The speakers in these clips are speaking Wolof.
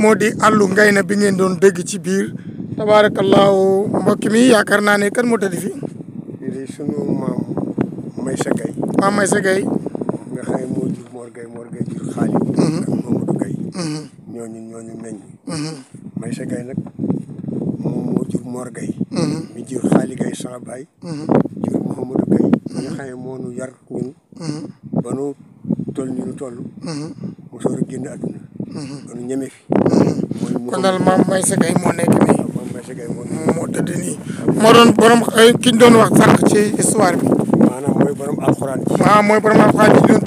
moo di àllu ngay na bi ngeen doon dégg ci biir tabaarakallaahu mbokk mi yaakaar naa ne kan moo tëdd fii. fii de sunu maam Maysa Gaye. maam Maysa Gaye. nga xam moo jur Mor Gaye jur Xaalim. Mhm. ak Mamadou Gaye. Mhm. Mhm. jur Mor Gaye. mi jur nga xam moo nu yar ñun. ba nu toll ni mu soog a génn àdduna. Mm-hmm. loolu ñeme fi. kon daal maam Maysa Gueye moo nekk nii. moo moo nii. moo doon borom ay ki ñu doon wax sànq ci histoire bi. maanaam mooy borom alxuraan bi. Ah, mooy borom alxuraan bi tudd. moom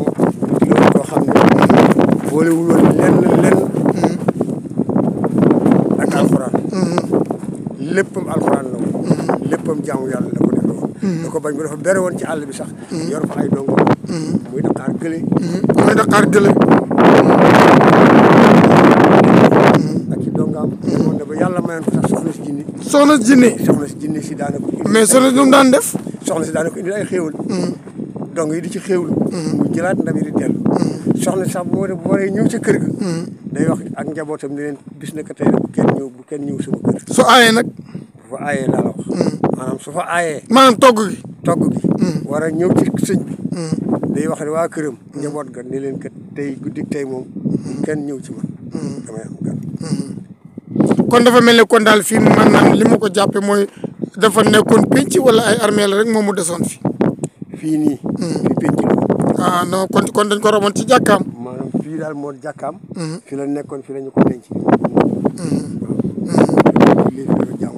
loolu loo ne. boolewul woon lenn lenn. Mm-hmm. ak alxuraan. Mm-hmm. léppam alxuraan la léppam jaamu yàlla la da ko bañ ba dafa bere woon ci àll bi sax mm-hmm. yor fa ay dongo mm-hmm. muy daqaar gële mm-hmm. muy daqaar gële ak ci dongaam ne ba yàlla mayoon ko sax soxna si jinni soxna si jinni si daana ko mais soxna si daan def soxna si daana ko indil ay yi di ci xéewlu mu jëlaat ndab yi di dellu soxna sax boo de boo ñëw kër ga day ak njabootam ne leen bis na nag bu aayee laa maanaam su fa aayee. maanaam togg gi. togg gi. Hmm. war a ñëw ci bi. Hmm. day wax ne waa këram. Hmm. njaboot ga ni leen kat tey guddi tey moom. kenn ñëw ci kon dafa mel ne kon daal fii li ma ko jàppee mooy dafa nekkoon pénc wala ay armeel rek moom mu desoon fi. fii nii. fii pénc la. Ah, kon dañ ko roboon ci jàkkaam. maanaam fii daal moo jàkkaam. fi la nekkoon fi la ñu ko denc. lii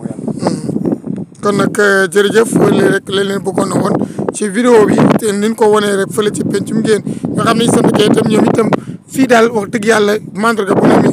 kon nag euh, jërëjëf lii rek lañ leen bëggoon na woon ci vidéo bi te niñ ko wanee rek fële ci pencum ngeen nga xam ne sant kee itam ñoom itam fii daal wax dëgg yàlla mandarga bu ne mi